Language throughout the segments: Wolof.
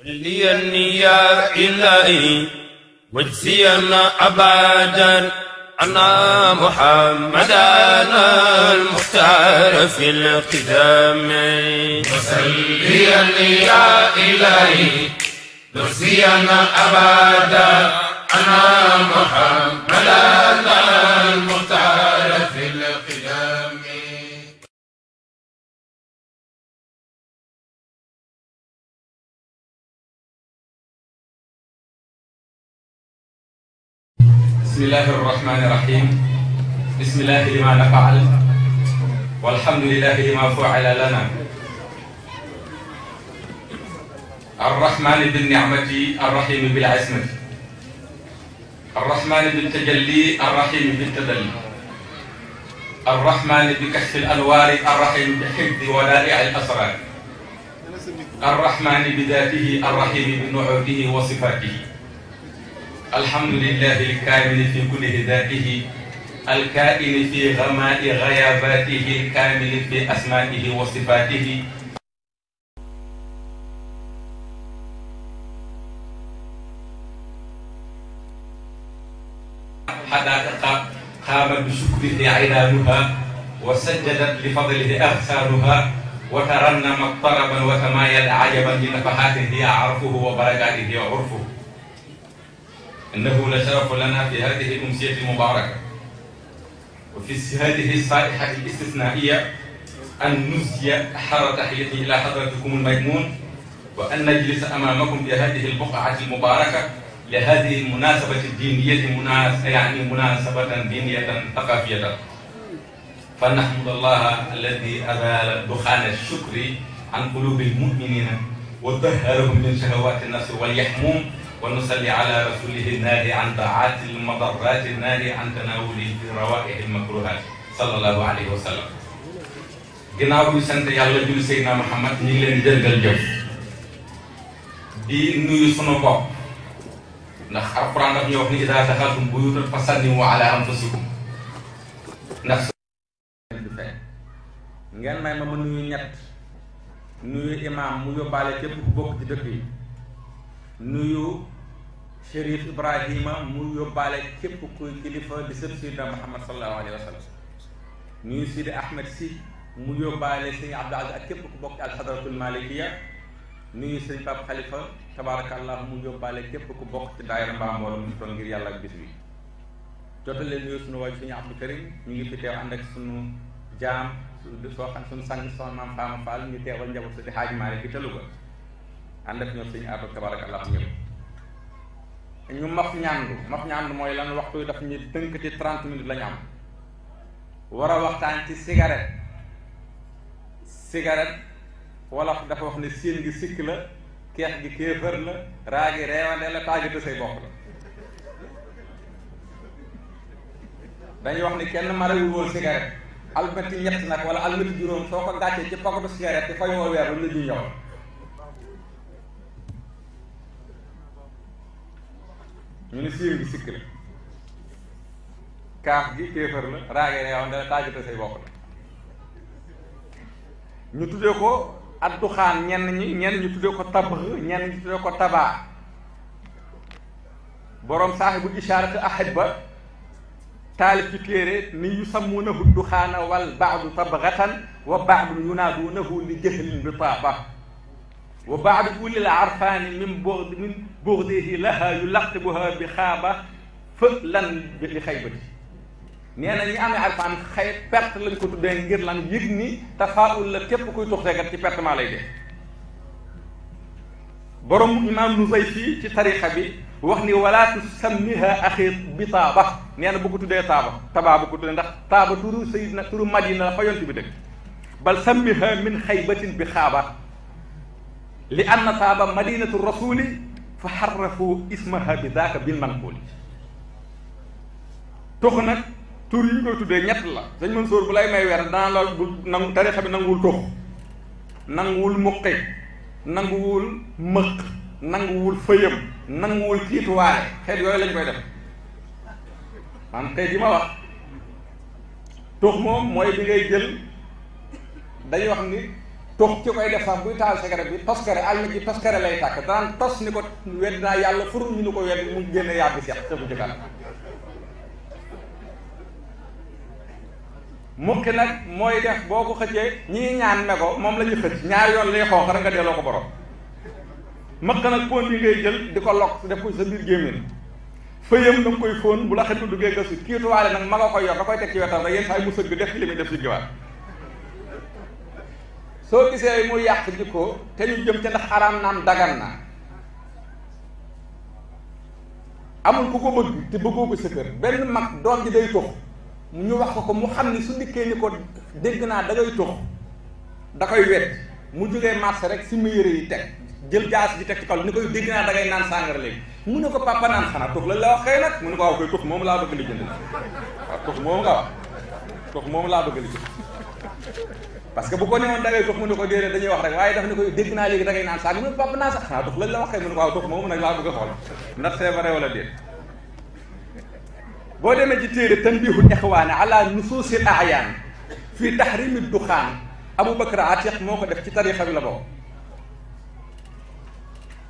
سلي النية إلهي واجزينا أبدا أنا محمدا المختار في القدام وسلي النية إلهي واجزينا أبدا أنا أنا المختار بسم الله الرحمن الرحيم بسم الله لما نفعل والحمد لله لما فعل لنا الرحمن بالنعمة الرحيم بالعزمة الرحمن بالتجلي الرحيم بالتدلي الرحمن بكشف الأنوار الرحيم بحفظ ودائع الأسرار الرحمن بذاته الرحيم بنعوته وصفاته الحمد لله الكامل في كل ذاته الكائن في غماء غياباته الكامل في أسمائه وصفاته حدائق قام بشكره عينانها وسجدت لفضله أغسالها وترنمت طربا وتمايل عجبا لنفحاته يعرفه وبركاته وعرفه إنه لشرف لنا في هذه الأمسية المباركة وفي هذه الصائحة الاستثنائية أن نزي أحر تحيتي إلى حضرتكم المجنون وأن نجلس أمامكم في هذه البقعة المباركة لهذه المناسبة الدينية مناس يعني مناسبة دينية ثقافية فنحمد الله الذي أزال دخان الشكر عن قلوب المؤمنين وطهرهم من شهوات النفس واليحموم ونصلي على رسوله الناهي عن طاعات المضرات الناهي عن تناول روائح المكروهات صلى الله عليه وسلم ginnaaw bi sant yàlla jul Seydina Muhammad ñu ngi leen jërgal jëf di nuyu sunu bopp ndax alquran daf ñu wax ni idaa daxaltum buyuutan fasallimu ala anfusikum ndax du fee ngeen may ma ma nuyu ñett nuyu imaam mu yóbbaale képp ku bokk ci dëkk yi nuyu Chérif Ibrahima mu yóbbaale képp kuy kilifa di sëb Sidna Muhammad sallallahu alayhi wa sallam nuyu Sidi Ahmed si mu yóbbaale sëñ Abdou Aziz ak képp ku bokk ci alxadratul malikiya nuyu sëñ Pape Khalifa tabaarakallah mu yóbbaale képp ku bokk ci daayira mbaa mbooloo mu toog ngir yàlla ak bis bi jotale nuyu suñu waaj suñu Abdou Karim ñu ngi fi teew ànd ak suñu jaam soo xam suñu sàng son maam Faama Fall ñu teewal njaboot si di Haaj Maalik bi te Louga ànd ak ñoom sëñ Abdou tabaarakallah ñu maf ñàndu maf ñàndu mooy lan waxtu daf ñu dënk ci trente minutes la ñu am war a waxtaan ci cigarette cigarette wolof dafa wax ne siin gi sikk la keex gi kéefër la raa gi reewande la taa gi tësay la dañuy wax ni kenn marewul woon cigarette almati ñett nag wala almati juróom soo ko gàccee ci paquetu cigarette te fa yoo weer lu ñu ñëw ñu ne siiw gi sikk la kaaf gi kéefër la raagee ne yow dana taajute say bokk la ñu tuddee ko adduxaan ñenn ñi ñenn ñu tuddee ko tabax ñenn ñu tuddee ko tabaa boroom saaxibu ishaaratu ahad ba taalib ci téere ni yu sammuunahu duxaana wal baadu tabaxatan wa baadun yunaaduunahu li jahlin bi taaba وبعد كل العرفان من بغض من بغضه لها يلقبها بخابة فقلا لخيبته نيانا ني امي عرفان خاي بيرت لا نكو تودي غير لان يغني تفاؤل لا كيب كوي توخ ريغات تي بيرت ما لاي ديف بروم امام نوفيتي تي تاريخا بي وخني ولا تسميها اخي بطابه نيانا بوكو تودي تابا تابا بوكو تودي ندخ تابا تورو سيدنا تورو مدينه فا يونتي بي دك بل سميها من خيبه بخابه لأن أصحاب مدينة الرسول فحرفوا اسمها بذاك بالمنقول tox nag tur yi ñu koy tuddee ñett la sëñ Mansour bu lay may weer dana la bu nangu tarixa bi nanguwul tox nanguwul muqi nanguwul mëq nanguwul fëyam nanguwul kiituwaale xeet yooyu lañ koy def maanaam xeet yi ma wax tox moom mooy bi ngay jël dañuy wax ni kooku ci koy def sax buy taal sigaret bi toskare àll ji toskare lay tàkk daan tos ni ko wedd naa yàlla fur ñu nag mooy def boo ko xëccee ñii ñaan ne ko moom la ñuy xëcc ñaar yoon lay xonq rek nga delloo ko borom mëq nag pon bi ko lokk def ko sa biir gémmiñ fëyam da nga koy yor da koy teg ci wetam rek yenn saa yi mu sëgg def ci li def si giwaat soo gisee mu yàq jikko te ñu jëm ca ndax araam naam dagan na amul ku ko bëgg te bëggoo ko sa kër benn mag doom ji day tux ñu wax ko ko mu xam ni su dikkee ni ko dégg naa da ngay tux da koy wet mu jógee marché rek si mu yére yi teg jël jaas ji teg ci kaw ni koy dégg naa da ngay naan sàngara léegi mu ne ko papa naan xanaa tux la la waxee nag mu ne ko waaw koy tux moom laa bëgg li jënd waaw tux moom laa bëgg li jënd parce que bu ko neewon dawe tux mu ne ko deere dañuy wax rek waye daf ne ko dégg naa legi da ngay naan saag mu ne papa naa sax xanaa lañ la waxe mu ne ko waaw tux moom nag laa bëgg xol xool ndax c'est vrai wala déet bo demé ci téré tanbihu ikhwan ala nusus al a'yan fi tahrim al dukhan abou bakr atiq moko def ci tariikha bi la bok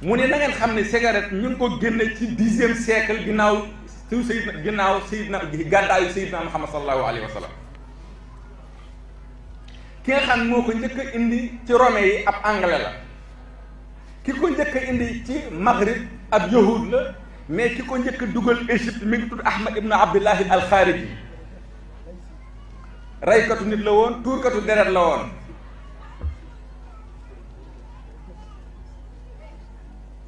mu ne na ngeen xam ne cigarette ñu ngi ko génne ci dixième siècle ginnaaw su sayidna ginnaaw sayidna gàddaayu sayidna muhammad sallallahu alayhi wa sallam كي خان موكو نديك اندي تي رومي اب انغلي لا كي كو نديك اندي تي مغرب اب يهود لا مي كي كو نديك دوغل ايجيبت مي تود احمد ابن عبد الله الخارجي راي كاتو نيت لا وون تور كاتو ديرات لا وون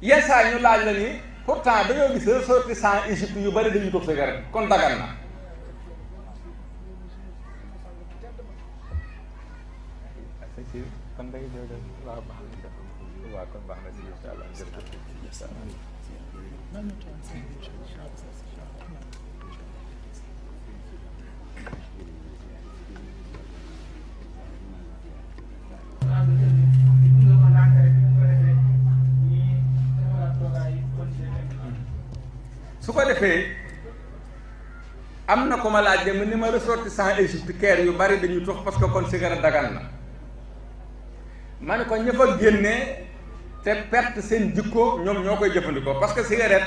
يسا ني لاج لا ني pourtant da ñoo gis sorti sans égypte yu bari dañu tok sa garab kon daganna sëñ si kon su ko defee am na ko ma laaj de mu ni ma ressortissant égypte caire yu bari dañuy tox parce que kon sigara dagan na ma ne ko ña fa génne te perte seen jikko ñoom ñoo koy jëfandikoo parce que cigarette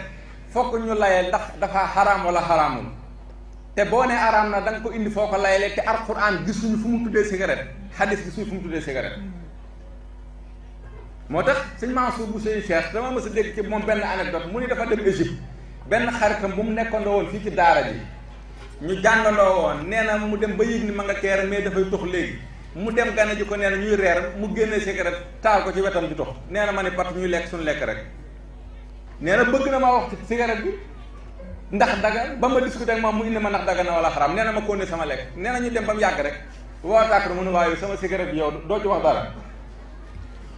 fokk ñu layee ndax dafa xaraam wala xaraamul te boo ne araam na danga ko indi foo ko layalee te alxuraan gisuñu fu mu tuddee cigarette xadis gisuñu fu mu tuddee cigarette moo tax sëñ Mansour bu sëñ cher dama mës a dégg ci moom benn anecdote mu ni dafa dem Égypte benn xaritam bu mu nekkandoo woon fii ci daara ji ñu jàngandoo woon nee na mu dem ba yëg ni ma mais dafay tux léegi mu dem gane ji ko nee na ñuy reer mu génne cigarette taal ko ci wetam bi tox neena ma ne pat ñuy lekk suñu lekk rek nee na bëgg na maa wax ci cigarette bi ndax daga ba ma discuté ak mu indi ma ndax daga na wala xaram nee na ma kóone sama lekk nee ñu dem ba mu yàgg rek woo tàkk mu ne waaye sama cigarette bi yow doo ci wax dara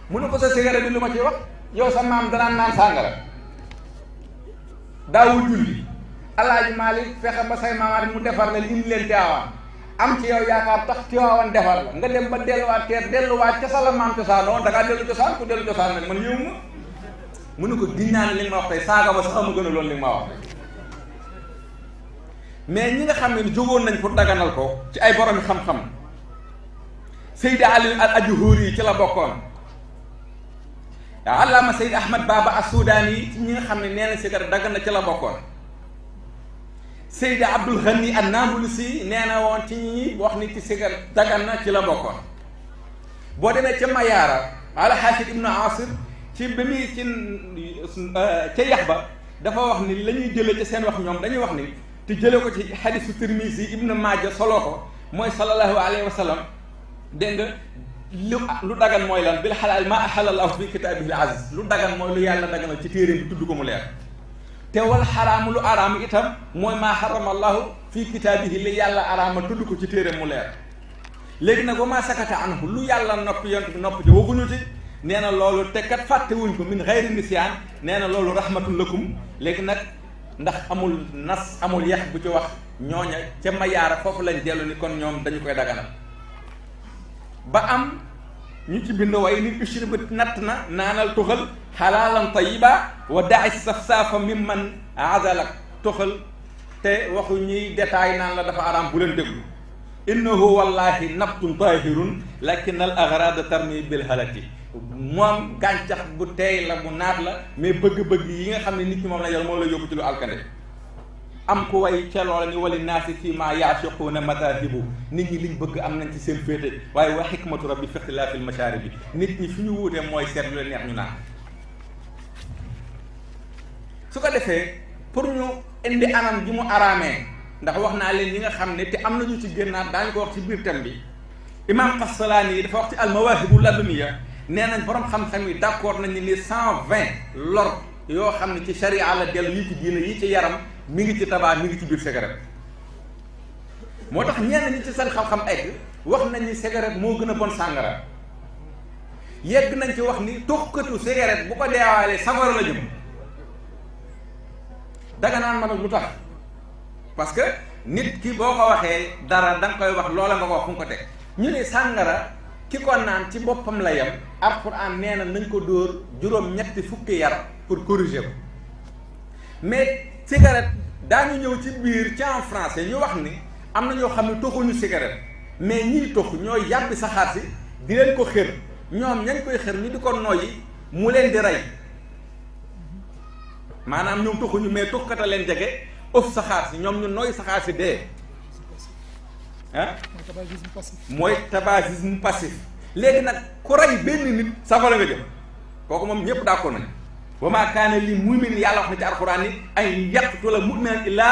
mu ne ko sa cigarette bi lu ma ciy wax yow sa maam danaan naan sàngara daawul julli alaaji Maalik fexe ba say maamaat mu defar leen indi leen Ya am ci yow yaaka tax ci yow defar defal nga dem ba delu wat delluwaat delu wat ci sa la ci cosaanoon da nga delu ci cosaan ku delu ci nag man yëw ma mu ko ginnaan li ma wax tay saga ba sax ama gën a li ma wax mais ñi nga xam ne jógoon nañ pour daganal ko ci ay borom xam-xam sayyid Ali al Ajhuri ci la bokkon bokkoon ya allama sayyid Ahmad Baba Assoudani yi ñi nga xam ne nee na sigar dagan na ci la bokkon Seyda Abdul Ghani an-Naabulusi nee na woon ci ñi wax ni ci sigar dagan na ci la bokkoon boo demee ca Mayaara al-Haasid ibnu Asir ci ba muy ci euh, ca yax ba dafa wax ni lañuy ñuy jëlee ca seen wax ñoom dañuy wax ni te jëlee ko ci xadisu Tirmisi ibnu Maaja soloo ko mooy sallallahu alayhi wa sallam dégg nga lu lu dagan mooy lan bil xalaal maa axalallaahu bi kitaabihi al-aziz lu dagan mooy lu yàlla daganal ci téere bi tudd ko mu leer te wal xaraamu lu araam itam mooy maa xarama allahu fii kitaabihi li yàlla araama tudd ko ci téere mu leer léegi nag ba maa sakata anhu lu yàlla noppi yont bi nopp ci waxuñu ci nee na loolu te fàttewuñ fàtte wuñ ko min xayri nisyaan nee na loolu rahmatul lakum léegi nag ndax amul nas amul yax bu ci wax ñooña ca mayaara foofu lañ dellu ni kon ñoom dañu koy daganal ba am ñu ci bind way nit ushribat natt na naanal tuxal xalaalan tayiba wa daci safsaafa mimman azalak tuxal te waxu ñuy détail naan la dafa araam bu leen déglu innahu wallahi nabtun tahirun lakin al agrada tarmi bil halaki moom gàncax bu teey la bu naat la mais bëgg-bëgg yi nga xam ne nit ki moom la yor moo la yóbbu ci lu alkande am ku way ca loola ni wali naasi fii maa yaashiquuna matahibu nit ñi liñ bëgg am nañ ci seen féete waaye wa xikmatu rabbi fi ixtilaafi lmachaari bi nit ñi fi ñu wuute mooy seet lu neex ñu naan su ko defee pour ñu indi anam ji mu araamee ndax wax naa leen ñi nga xam ne te am na ñu ci génnaat daañu ko wax ci biir tam bi imaam Qasalaani yi dafa wax ci almawaahibu laduniya nee nañ borom xam-xam yi d' accord nañu ni cent vingt lor yoo xam ne ci sharia la dellu yi ci diina yi ci yaram mi ngi ci tabac mi ngi ci biir segaret moo tax ñenn ñi ci seen xam-xam egg wax nañ ni segaret moo gën a bon sàngara yegg nañ ci wax ni tuxkatu segaret bu ko deewaalee safara la jëm daga naan ma nag lu tax parce que nit ki boo ko waxee dara da nga koy wax loola nga ko wax fu ko teg ñu ne sàngara ki ko naan ci boppam la yem alquran nee na nañ ko dóor juróom ñetti fukki yar pour corriger ko mais cigarette daañu ñëw ci biir ci en français ñu wax ni am na ñoo xam ne toxuñu cigarette mais ñiy tox ñoo yàbbi saxaar si di leen ko xër ñoom ñañ koy xër ñu di ko noyyi mu leen di rey maanaam ñoom toxuñu mais toxkat a leen jege ëf saxaar si ñoom ñu noyyi saxaar si dee ah mooy tabagisme passif léegi nag ku rey benn nit safara nga jëm kooku moom ñëpp d'accord nañ wa maa kaana li mumin yàlla wax na ci alquran ni ay yaqtula muminan illa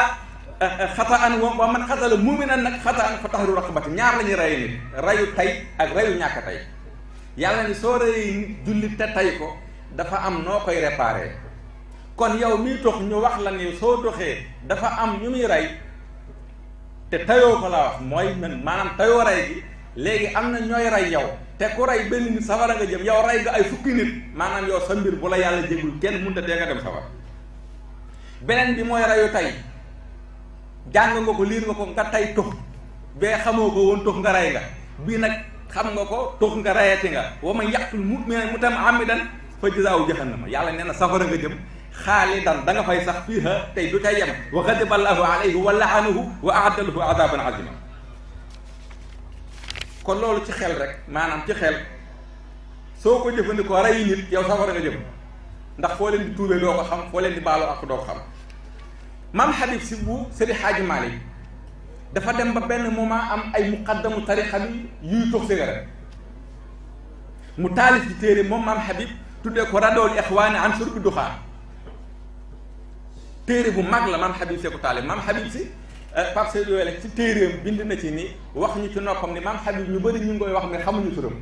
eh, eh, xataan wa man xatala muminan nag xataan fa tahriru raqabati ñaar la ñuy rey nit reyu tay ak reyu ñàkk tey yàlla ni soo reyee jullit te tey ko dafa am noo koy réparé kon yow miy tox ñu wax la ni soo toxee dafa am ñu muy rey te tayoo ko la wax mooy man maanaam tayoo rey gi léegi am na ñooy rey yow te ku rey benn nit safara nga jëm yow rey nga ay fukki nit maanaam yow sa mbir bu la yàlla jégul kenn mënut a tee nga dem safara beneen bi mooy reyu tey jàng nga ko liir nga ko nga tey tux bee xamoo ko woon tux nga rey nga bii nag xam nga ko tux nga reyati nga wa man yaqtul mu'minan mutaamidan fa jazaahu jahannama yàlla nee na safara nga jëm xaalidan da nga fay sax fiiha tey du tey yem wa xadiba wa laanahu wa aadda lahu azima kon loolu ci xel rek maanaam ci xel soo ko jëfandikoo rey nit yow safara nga jëm ndax foo leen di tuubee doo ko xam foo leen di baaloo ak doo ko xam maam Habib si bu Seydi Hadji Malick dafa dem ba benn moment am ay muqaddamu tarixa bi yuy tox sigaret mu taalif ci téere moom maam Habib tuddee ko radool ixwaani an surbi duxaan téere bu mag la maam Habib see ko taalif maam Habib si Euh, Pape Seydou Wele ci téeréem bind na ci ni wax ñu ci noppam ni maam Habib ñu bëri ñu ngi koy wax mais xamuñu turam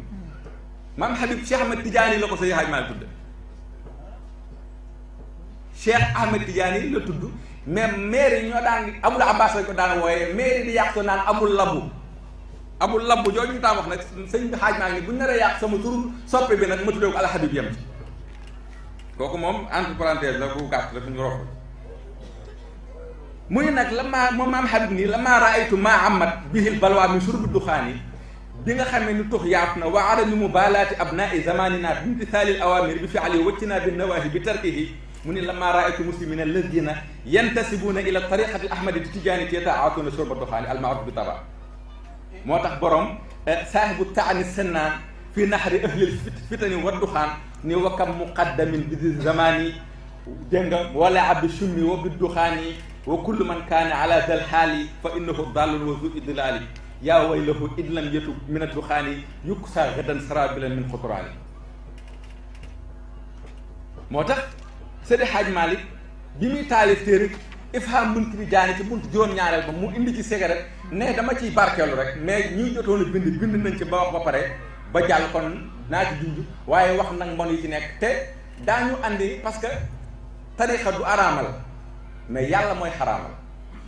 maam Habib Cheikh Ahmed Tidiane la ko Seydi Hadji Malick tudd Cheikh Ahmed Tidiane la tudd mais maire yi ñoo daan amul abbas lañ ko daan wooyee maire amul labbu amul labbu jooju ñu taam wax nag sëñ Hadji Malick ni bu ñu naree sama tur soppe bi nag ma tuddee ko Al Habib ci kooku moom entre parenthèse la bu gàtt la fu ñu ropp mu ne nag la maa moom maam Habib nii la maa raaytu maa amat bihil balwaa mi surbu duxaan yi bi nga xamee ni tux yaatu na wa adami mubaalaati abnaai zamanina bi imtisaalil awaamir bi fiali waccinaa bi nawaahi bi tarkihi mu ne la maa raaytu muslimina alladina yantasibuuna ila tariqati al ahmadi tijaani yataaatuuna surba duxaani almaaruf bi taba moo tax borom saahibu taani sennaan fi naxari ahlil fitani wa duxaan ni wa kam muqaddamin bi zamani dégg nga wala abi summi wa bi duxaan yi وكل من كان على ذا الحال فإنه ضال وذو إضلال يا ويله إن لم يتب من الدخان يكسى غدا سرابلا من خطران موتاخ سيدي حاج مالك بيمي تالف تيرك ifham bunt bi jaani ci bunt joon ñaareel ba mu indi ci sigaret ne dama ciy barkeelu rek mais ñi jotoon bind bind nañ ci ba wax ba pare ba jàll kon naa ci junj waaye wax nag mbon yi ci nekk te daañu andi parce que tariqa du araamal mais yàlla mooy xaraamal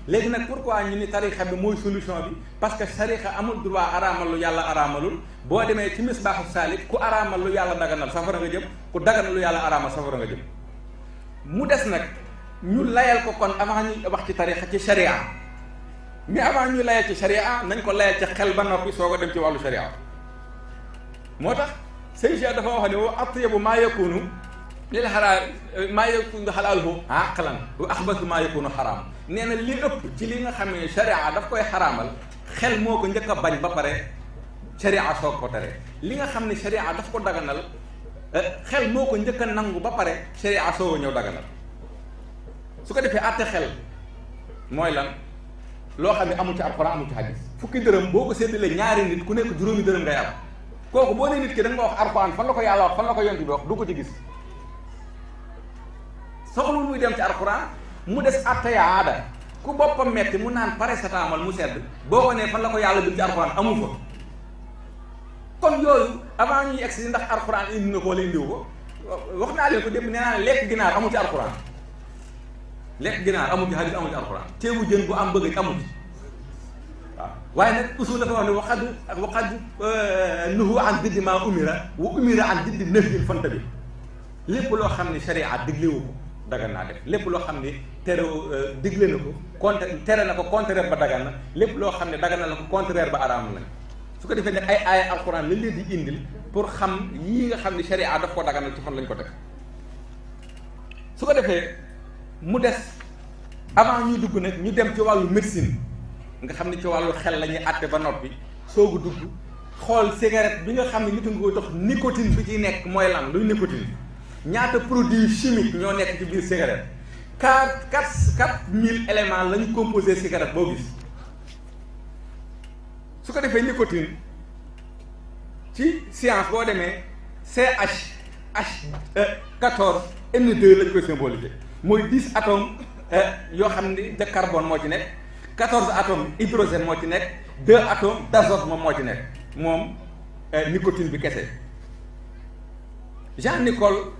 léegi nag pourquoi ñu ni tarixa bi mooy solution bi parce que tarixa amul droit araamal lu yàlla araamalul boo demee ci misbaaxu saalik ku araamal lu yàlla daganal safara nga jëm ku daganal lu yàlla araamal safara nga jëm mu des nag ñu layal ko kon avant ñuy wax ci tarixa ci sharia mais avant ñu layal ci sharia nañ ko layal ci xel ba noppi soo ko dem ci wàllu sharia moo tax sëñ Cheikh dafa wax ne wa atyabu maa yakunu lil xaraam eh, maa yakunu xalaaluhu aqlan wa axbasu maa yakunu xaraam nee na li ëpp ci li nga xam ne sharia daf koy xaraamal xel moo ko njëkk a bañ ba pare sharia soog ko tere li nga xam ne sharia daf ko daganal eh, xel moo ko njëkk nangu ba pare sharia soo ñëw daganal su ko defee àtte xel mooy lan loo xam ne amul ci alxuraan amul ci hadis fukki dërëm boo ko séddalee ñaari nit ku nekk juróomi dërëm ngay am kooku boo nee nit ki da nga wax ko yàlla wax fan la ko ci gis soxlul muy dem ci alxuraan mu des attay aada ku boppam metti mu naan paracetamol mu sedd boo ko nee fan la ko yàlla bind ci alxuraan amu fa kon yooyu avant ñuy egsi ndax alxuraan indi na ko wala indiwu ko wax naa leen ko démb nee naa ginaar amu ci alxuraan lekk ginaar amu ci hadis amu ci alxuraan ceebu jën bu am bëgg amu ci waaye nag usul dafa wax ne waqad waqad euh, nuhu an diddi maa umira wa umira an diddi nëf yi fanta bi lépp loo xam ne sharia diglewu wu dagan naa def lépp loo xam ne tere euh, digle na ko contre tere na ko contraire ba dagan na lépp loo xam ne dagan na ko contraire ba araam na su ko defee nag ay aaya alxuraan leen di indil pour xam yii nga xam ne sharia daf ko daganal ci fan lañ ko teg su ko defee mu des avant ñuy dugg nag ñu dem ci wàllu médecine nga xam ne ci wàllu xel la ñuy àtte ba noppi soogu dugg xool cigarette bi nga xam ne nit nga koy tax nicotine bi ciy nekk mooy lan luy nicotine ñaata produit chimique ñoo nekk ci biir cigarette quatre quatre quatre mille éléments la ñu composé cigarette boo gis su ko defee nicotine ci science boo demee CH H 14 N2 la ñu koy symboliser mooy dix atomes euh, yoo xam ni de carbone moo ci nekk quatorze atomes hydrogène moo ci nekk deux atomes d'azote moom moo ci nekk moom euh, nicotine bi kese Jean Nicole.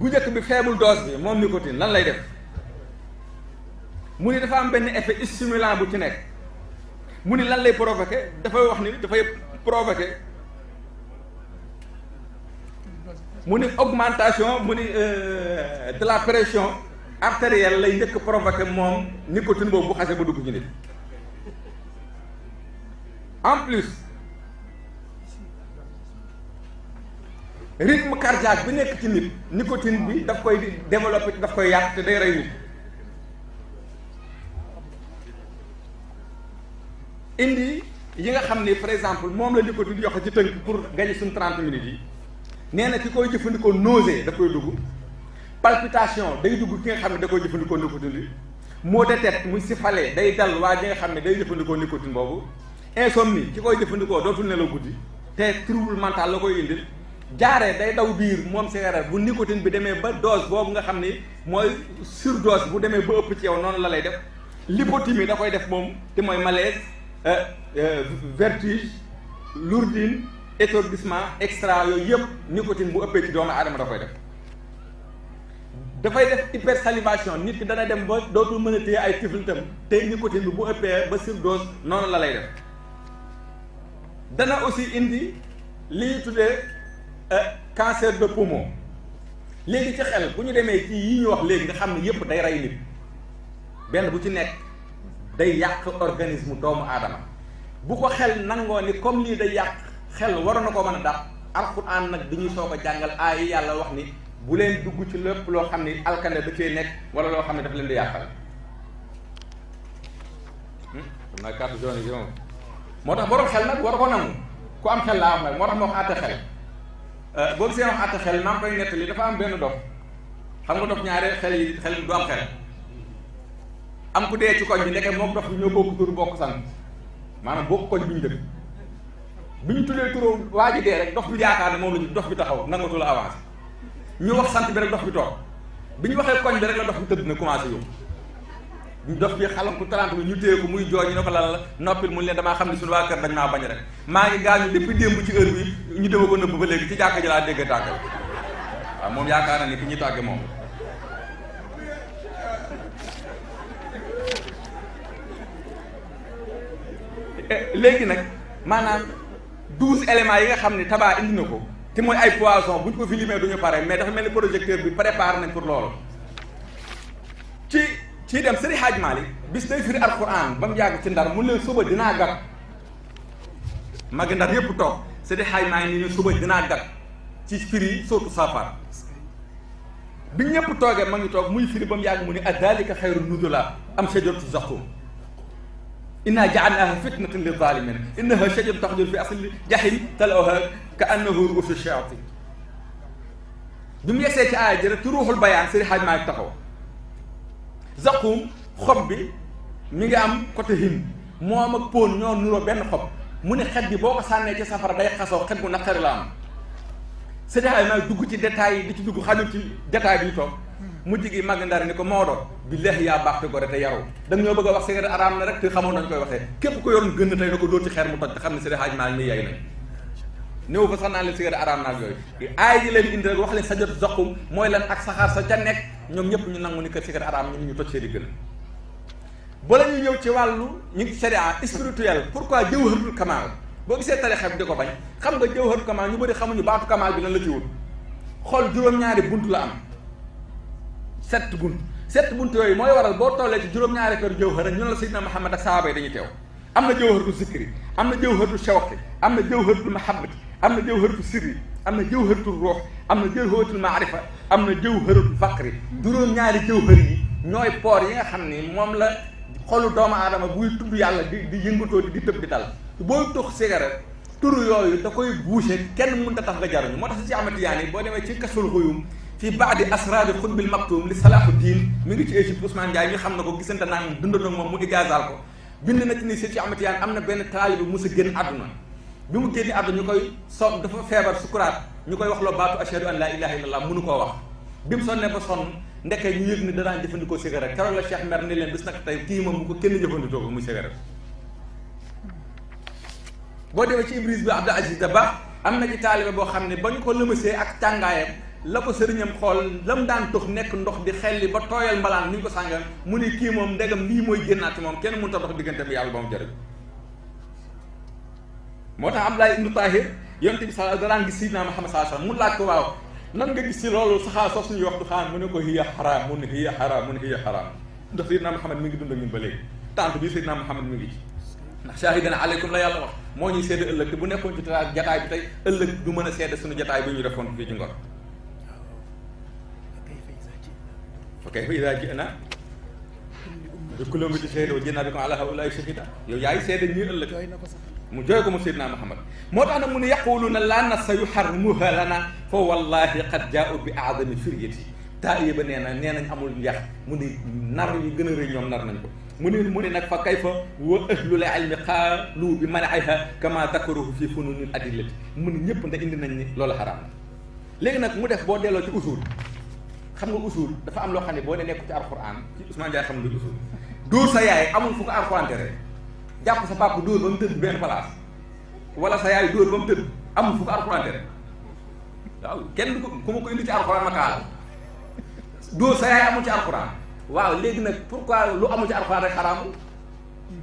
bu njëkk bi faible dose bi moom nicotine lan lay def mu ni dafa am benn effet stimulant bu ci nekk mu ni lan lay provoqué dafay wax ni dafay provoqué mu ni augmentation mu ni euh, de la pression artérielle lay njëkk provoqué moom nicotine boobu bu xase ba dugg ci nit en plus rythme cardiaque bi nekk ci nit nicotine bi daf koy développé daf koy yàq te day rey nit indi yi nga xam ne par exemple moom la nicotine yoxe ci tënk pour gagner suñu 30 minutes yi nee na ki koy jëfandikoo nausée da koy dugg palpitation day dugg ki nga xam ne da koy jëfandikoo nicotine bi maux de tête muy siffale day dal waa ji nga xam ne day jëfandikoo nicotine boobu insomnie ki koy jëfandikoo dootul nelaw guddi te trouble mental la koy indil jaaree day daw biir moom cigarette bu nicotine bi demee ba dose boobu nga xam ni mooy surdose bu demee ba ëpp ci yow noonu la lay def lipothymie da koy def moom te mooy malaise euh, euh, vertige lourdine étourdissement extra yooyu yëpp nicotine bu ëppee ci doomu aadama da koy def dafay def hypersalivation nit ki dana dem ba dootul mën a téye ay tiflitam te nicotine bi bu ëppee ba surdose noonu la lay def dana aussi indi li tuddee Euh, cancer de poumon léegi ci xel bu ñu demee ci yi ñu wax léegi nga xam ne yépp day rey nit benn bu ci nekk day yàq organisme doomu aadama bu ko xel nangoo ni comme lii day yàq xel waroon na ko mën a dàq alxuraan nag bi ñuy soog a jàngal aay yàlla wax ni bu leen dugg ci lëpp loo xam ni alkande da cee nekk wala loo xam ne daf leen di yàqal xam hmm? naa carte jaune yi moo tax borom xel nag war ko nangu ku am xel laa am nag moo tax moo ko àtte xel Euh, boo gisee wax àtte xel maa ngi koy nettali dafa am benn dof xam nga dof ñaaree xel yi xel du am xel am ku dee ci koñ bi ndeke moom dof bi ñoo bokk tur bokk sant maanaam bokk koñ bi ñu dëkk bi ñu tuddee turam waa ji dee rek dof bi yaakaar ne moom la ñu dof bi taxaw nangatul avancé ñu wax sant bi rek dof bi toog bi ñu waxee koñ bi rek la dof bi tëdd na commencé yóbbu. dof bi xalam ko 30 bi ñu téye ko muy jooy ñu ne ko lan la noppil mu leen damaa xam ne suñu waa kër dañ maa bañ rek maa ngi gaañu depuis démb ci heure bi ñu dema ko nëbb ba léegi ci jàkka ji laa dégg tàggal waaw moom yaakaar na ni ki ñuy tàgge moom eh, léegi nag maanaam douze éléments yi nga xam ne tabaa indi na ko te mooy ay poisson bu ñu ko fi filmé ñu pare mais dafa mel ni projecteur bi prépare nañ pour loolu ci كي دم سري حاج مالي بس داي فري القران بام ياغ سي ندار مولن سوبا دينا غات ماغ ندار ييب توك سري حاج ماي ني سوبا دينا غات تي فري سوتو سافار بي نيب توغ ماغي توك موي فري بام ياغ موني ادالك خير النزلا ام سجدت زقوم إنا جعلناها فتنة للظالمين إنها شجر تخجل في أصل جحيم تلوها كأنه رؤوس الشياطين دم يسيت آجر تروح البيان سري حاج ما يتخوه zaquum xob bi mi ngi am côté him moom ak pon ñoo nuroo benn xob mu ne xet gi boo ko sànnee ci safara day xasoo xet gu naqari la am sëñ dugg ci détails yi di ci dugg xajul ci détail bi ñu toog mujj gi mag ndar ni ko Maodo billahi yaa baax te gore te yaru da ñoo bëgg a wax sigaret araam na rek te xamoon nañ koy waxee képp ko yoroon gën na tey na ko dóor ci mu toj te xam ne sëñ Hadj Malick ni yay nañ néew fa sax naan leen sigara araam naag yooyu aay ji leen indi rek wax leen sajot zaqum mooy lan ak saxaar sa ca nekk ñoom ñëpp ñu nangu ni que sigara araam ñun ñu toj see di gën bala ñu ñëw ci wàllu ñu ngi sharia spirituel pourquoi jawharatul kamal boo gisee tarixa bi di ko bañ xam nga jawharatul kamal ñu bëri xamuñu baatu kamal bi lan la ci wut xool juróom-ñaari bunt la am sept bunt sept bunt yooyu mooy waral boo tollee ci juróom-ñaari kër jawhara ñu ne la sayyidina Muhammad ak sahaaba yi dañuy teew am na jawharatul zikri am na jawharatul shawqi am na jawharatul mahabbati am na jawharatu sirri am na jawharatu ruux am na jawharatul maarifa am na jawharatul faqri juróom-ñaari jawhar yi ñooy poor yi nga xam ni moom la xolu doomu aadama buy tudd yàlla di di yëngatoo di tëb di dal booy tux cigarette turu yooyu da koy bouché kenn mënut a tax nga jaruñu moo tax si Ahmad Tijaani boo demee ci Kashful Ghuyum fi baadi asraari xutbil maktum li salaaxu diin mi ngi ci Égypte Ousmane Ndiaye ñu xam na ko gisante naa dundandoo moom mu igaasaal ko bind na ci ni si Ahmad Tijaani am na benn taalibe bu mos a génn àdduna bi mu génne àdduna ñu koy so dafa feebar sukuraat ñu koy wax loo baatu ashhadu an laa ilaha illallah mënu koo wax bi mu sonnee ba sonn ndeke ñu yëg ni danaa jëfandikoo cigarette keroog la Cheikh Mer ni leen bis nag tey kii moom bu ko kenn jëfandikoo ko muy cigarette boo demee ci Ibris bi Abdou Aziz ba am na ci taalibe boo xam ne ba ñu ko lëmasee ak tàngaayam la ko sëriñam xool la mu daan tux nekk ndox di xelli ba tooyal mbalaan ñu ko sànga mu ne kii moom ndegam lii mooy génnaat ci moom kenn mënut a moo tax Abdoulaye ibnu Tahir yonte bi sa danaan gis sidna Muhammad saa sallam mu laaj ko waaw nan nga gis si loolu saxaa soof suñuy waxtu xaan mu ne ko hiya xaraam mu ne hiya xaraam mu ne hiya xaraam ndax sidna Muhammad mi ngi dund ak ñun ba léegi tant bi sidna Muhammad mi ngi ci ndax shahidana aleykum la yàlla wax moo ñuy seede ëllëg te bu nekkoon ci tataa jataay bi tey ëllëg du mën a seede suñu jataay bi ñu defoon fii ci ngor fa kayfa idaa ji'naa bi kullin bi shahidin wa ji'naa bika alaa haa'ulaa'i shahiidaa yow yaay seede ñii ëllëg mu joy ko mu seydina muhammad motax tax nag mu ne yaquluuna laa nasa lana fa wallahi qad ja'u bi aadami firyati taa yéba nee na amul yah mu ne nar yu gëna a ñom nar nañ ko mu ne mu ne nag fa kayfa wa ahlul ilmi qalu bi man'iha kama takruhu fi fununil adillati mu ne ñëpp nda indi nañ ni lolu haram legi nak mu def bo delo ci usul xam nga usul dafa am lo xamni bo ne boo ci alquran ci usman jaay xam lu usul do sa yaay amul fu ko alquran tere jàpp sa papa dóor ba mu tëdd benn place wala sa yaay dóor ba mu tëdd amul fu ko alxuraan waaw kenn du ko ku ma ko indi ci alxuraan ma kaal dóor sa yaay amul ci alxuraan waaw léegi nag pourquoi lu amul ci alxuraan rek xaraamul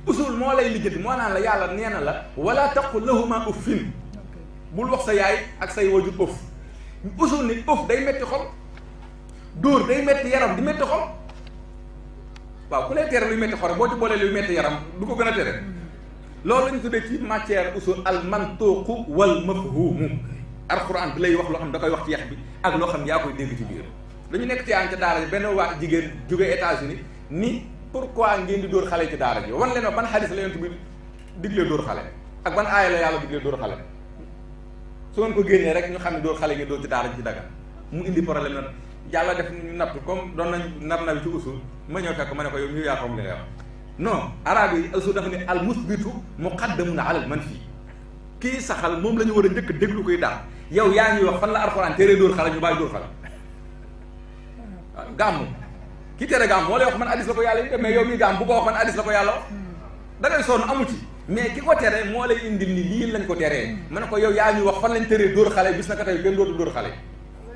usul moo lay lijjati moo naan la yàlla nee na la wala taqul lahuma uffin bul wax sa yaay ak say wajur ëf usul ni ëf day metti xol dóor day metti yaram di metti xol waaw ku lay tere luy metti xorom boo ci boolee luy metti yaram du ko gën a tere loolu la ñu tuddee ci matière usul al mantuqu wal mafhumu alquran bi lay wax loo xam da koy wax ci yax bi ak loo xam yaa koy dégg ci biir dañu nekk ci aan ca daara ji benn waa jigéen jóge États-Unis ni pourquoi ngeen di dóor xale ci daara ji wan leen ma ban xadis la yonent bi diglee dóor xale ak ban aaya la yàlla diglee dóor xale su ngeen ko génnee rek ñu xam ne dóor xale ngeen dóor ci daara ji ci daga mu indi problème na yàlla def ñu natt comme doon nañ nar na bi ci usul ma ñëw fekk ma ne ko yow ñu yaa xam li ngay wax non arabe yi usul dafa ne al musbitu muqaddamun ala al manfi kii saxal moom la ñu war a njëkk déglu koy daal yow yaa ngi wax fan la alxuraan téere dóor xale ñu bàyyi dóor xale gàmm ki tere gàmm moo lay wax man addis la ko yàlla yi mais yow mii gàmm bu ko wax man addis la ko yàlla da ngay sonn amu ci mais ki ko tere moo lay indil ni lii lañ ko teree ma ne ko yow yaa ñu wax fan lañ teree dóor xale bis na ko tey kenn dootu dóor xale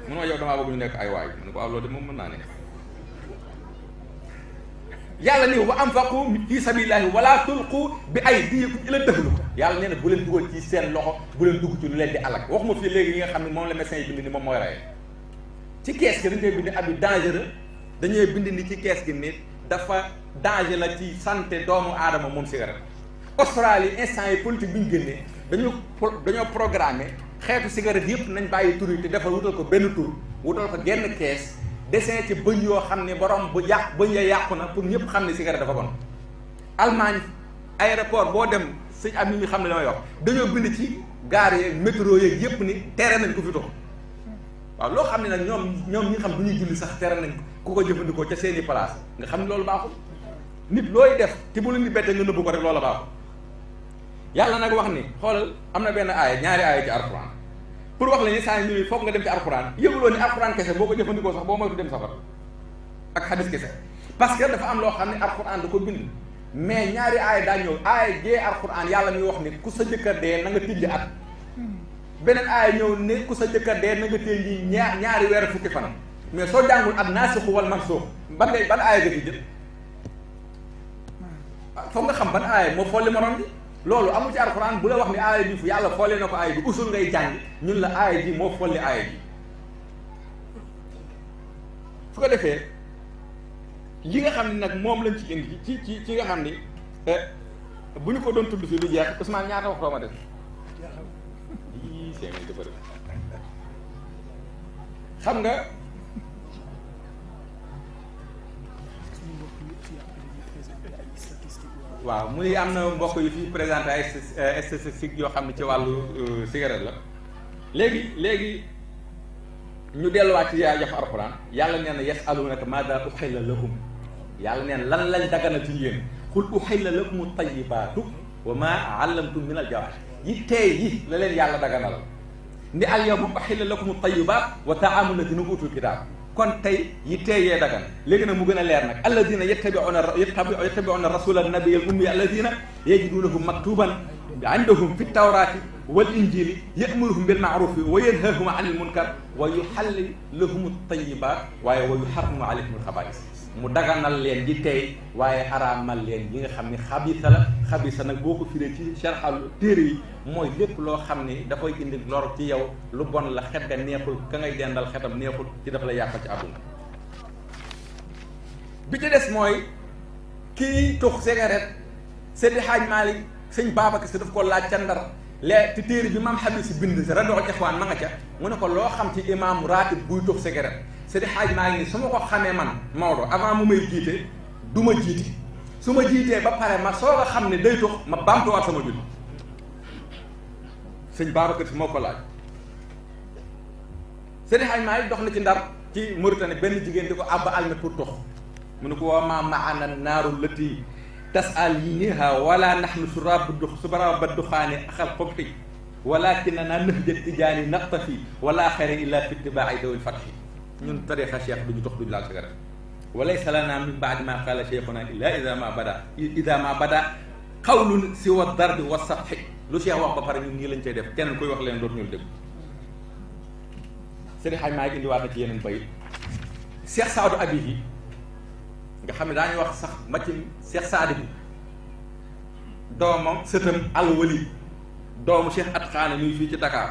mun ma yow damaa bëgg ñu nekk ay waay mu ne ko ah loolu de moom mën naa ne yàlla ni wa anfaqu fi sabilillahi wala tulqu bi aydikum ila tahluka yàlla nee bu leen dugal ci seen loxo bu leen dugg ci lu leen di alak waxuma fii léegi yi nga xam ne moom la médecin yi bind ni moom mooy rey ci kees gi dañ koy bind ab dangereux dañuy bind ni ci kees gi ni dafa danger la ci sante doomu aadama moom cigarette Australie instant yi politique bi ñu dañoo dañoo programmé xeetu cigarette yëpp nañ bàyyi tur yi te defal wutal ko benn tur wutal ko genn kees dessin ci bëñ yoo xam ne boroom bu yàq bëñ ya yàqu na pour ñëpp xam ne cigarette dafa bon Allemagne aéroport boo dem sëñ am mi xam ne damay wax dañoo bind ci gaar yeeg métro yeeg yëpp ni tere nañ ko fi tux waaw loo xam ne nag ñoom ñoom ñi xam du ñuy julli sax tere nañ ku ko jëfandikoo ca seeni place nga xam ne loolu baaxul nit looy def te bu la ni bette nga nëbbu ko rek loola baaxul yàlla nag wax ni xoolal am na benn aaya ñaari aaya ci alxuraan pour wax la ni saa yu foog nga dem ci alxuraan yëguloo ni alxuraan kese boo ko jëfandikoo sax boo moytu dem safar ak xadis kese parce que dafa am loo xam ne alxuraan da ko bind mais ñaari aaya daa ñëw aaya jee alxuraan yàlla muy wax ni ku sa jëkkër dee na nga tijji at beneen aaya ñëw ne ku sa jëkkër dee na nga tijji ñaar ñaari weer fukki fan mais soo jàngul ak naasixu wal mansuux ban ngay ban aaya nga ci jël foog nga xam ban aaya moo folli morom loolu amul ci alxuraan bu la wax ni aaya bi fu yàlla folle na ko aaya bi usul ngay jàng ñun la aaya ji moo folli aaya ji su ko defee li nga xam ne nag moom lañ ci indi ci ci ci nga xam ni eh, bu ñu ko doon tudd fii du jeex Ousmane ñaata waxtoo ma def xam nga waaw mu ni am na mbokk yu fi présenté ay euh, statistiques yoo xam ne ci wàllu euh, cigarette la léegi léegi ñu delluwaat ci yaa jox alxuraan yàlla nee na yes alunaka maada uxilla lahum yàlla neen lan lañ daganal ci yéen xul uxilla lakumu tayibaatu wa maa allamtum min al jawaarih yi tey yi la leen yàlla daganal ni al yawma uxilla lakumu tayibaat wa taamu lazina utul kitaab كون تي يتي دغان لغينا مو غنا لير نك الذين يتبعون يتبعون يتبعون الرسول النبي الامي الذين يجدونه مكتوبا عندهم في التوراة والإنجيل يأمرهم بالمعروف وينهاهم عن المنكر ويحل لهم الطيبات ويحرم عليهم الخبائث mu daganal leen ji tey waaye araamal leen yi nga xam ne xabisa la xabisa nag boo ko firee ci sharxal téere yi mooy lépp loo xam ni dafay indi lor ci yow lu bon la xet ga neexul ka ngay dendal xetam neexul ci dafa la yàqal ci àdduna bi ci des mooy kii tux cigarette Seydi Hadj Malick sëñ Babacar Si daf ko laaj ca Ndar lee te téere bi maam xabis si bind si radox jaxwaan ma nga ca mu ne ko loo xam ci imaamu raatib buy tux cigarette Seydi Xaaj Maalik ni su ma ko xamee man Maodo avant mu may jiite du ma jiite su ma jiitee ba pare ma soog a xam ne day tux ma baamtuwaat sama julli sëñ Babacar Si moo ko laaj Seydi Xaaj Maalik dox na ci ndar ci Mauritanie benn jigéen di ko àbb almet pour tux mu ne ko waa maa maana naaru lëtti tasal yiniha wala nahnu surab du subara ba duxaani axal xobxi walakinana nëx jët tijaani naqtafi wala xayra illa fi itibaa'i dawil fatxi ñun tarixa cheikh duñu tox duñu laal sagara walaysa lanaa min baadi maa qaala cheikhuna illaa ida ma bada ida ma bada xawlun si wa darbi wa sabxi lu cheikh wax ba pare ñun nii lañ cay def kenn koy wax leen dootu ñu la dégg sëriñ xay maa ngi indiwaat na ci yeneen bayit cheikh saadu abi yi nga xam ne daañu wax sax macim cheikh saadi bi doomam sëtam alwali doomu cheikh at xaana ñuy fii ci Dakar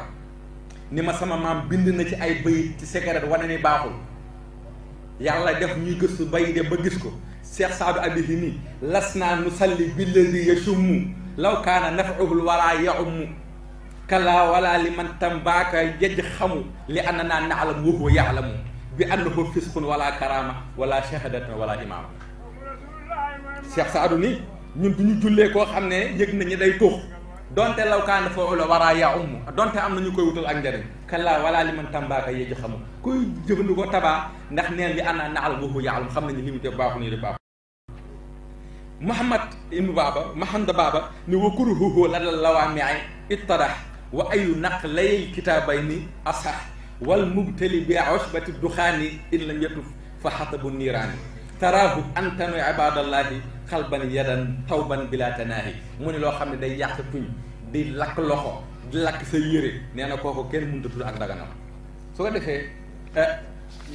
ni ma sama maam bind na ci ay bayit ci cigarette wane ni baaxul yàlla def ñuy gëstu bay de ba gis ko Cheikh Saadu Abihi nii las naa nu salli billadi yasummu law kaana nafauhul wara yaummu kala wala li man tambaaka yaj xamu li anna naa naalam wa huwa yaalamu bi annahu fisqun wala karama wala shahadatan wala imaama Cheikh Saadu ni ñun du ñu jullee koo xam ne yëg nañu day tuux donte law kaana foofu la war a yaa umm donte am na ñu koy wutal ak njëriñ kalla wala li man tambaaka yee ji xamul kuy jëfandikoo tabaa ndax neen bi ana naal boobu yaalum xam nañu li mu def baaxu nii di baaxu Muhammad ibnu Baaba Mahamda Baaba ni wa kuruhuhu la dal lawaamii ittarax wa ayu naq layel kitaabay ni asax wal mubtali bi osbati duxaani in la njëtuf fa xatabu niiraani taraahu antanu ibadallahi xalban yadan tawban bila tanaahi mu ne loo xam ne day yàq tuñ di lakk loxo di lakk sa yére nee na kooku kenn mënut a tudd ak daganam su ko defee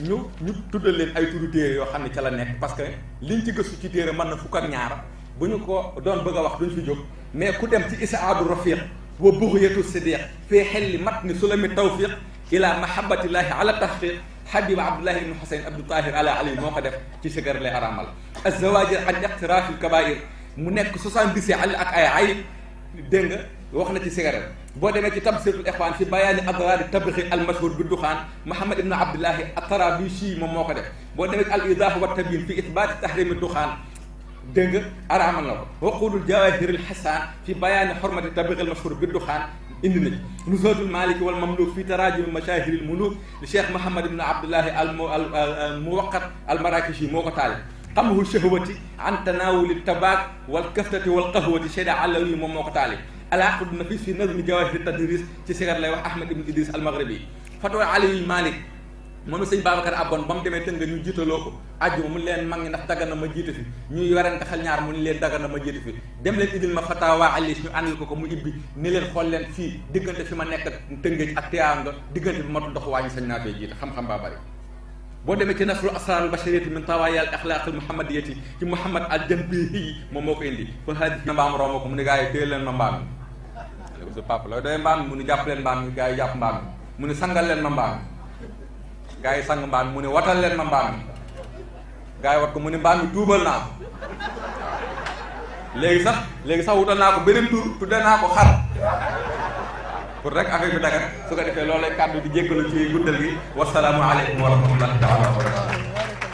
ñu ñu tuddal leen ay turu téere yoo xam ne ca la nekk parce que liñ ci gëstu ci téere mën na fukk ak ñaar bu ñu ko doon bëgg a wax duñ fi jóg mais ku dem ci isaabu rafiq wa buxyatu sidiq fee xelli mat ni su la mi tawfiq ila mahabatillahi ala tahqiq حبيب عبد الله بن حسين عبد الطاهر على علي موقع دف في شجر لي حرامل الزواج عن اقتراف الكبائر مو نيك 70 على اك اي عيب دنگ واخنا تي سيغار بو ديمي تي تبصير الاخوان في بيان اضرار التبخير المشهور بالدخان محمد بن عبد الله الطرابيشي مو موكو ديف بو ديمي الايضاح والتبيين في اثبات تحريم الدخان دنگ ارامل نكو وقول الجواهر الحسن في بيان حرمه التبغ المشهور بالدخان اندنا نزول المالك والمملوك في تراجم مشاهير الملوك لشيخ محمد بن عبد الله الموقت المراكشي موقتال قمه شهوتي عن تناول التباك والكفتة والقهوة شدع على موقتال العقد النفيس في نظم جواهر التدريس تسير الله احمد بن ادريس المغربي فتوى علي المالك moom it sëñ Babacar Abone ba mu demee tënga ñu jiitaloo ko àjjuma mu leen mag ñi ma jiite fi ñuy werante xel ñaar mu ni leen ma jiite fi dem leen indil ma fatawa alis ñu àndal ko ko mu ibbi ni leen xool ma dox waa ñu sañ naa xam-xam baa boo demee ci nasru asraarul bashariyati min tawaayal axlaaqil muhammadiyati ci muhammad moom moo ko indi fa haadi na mbaam rooma ko mu ne gars yi téye leen ma mbaam mi ne jàpp leen mbaam mi gars yi jàpp mbaam mi mu ne sangal leen ma mbaam mi gaa yi sang mbaam mu ne watal leen ma mbaam mi gaa yi wat ko mu ne mbaam mi tuubal naa ko léegi sax léegi sax wutal naa ko beneen tur tudde naa ko xar pour rek affaire bi dagat su ko defee loolu kàddu di jéggalu ci guddal gi wasalaamu aleykum wa rahmatullahi taala wa barakatu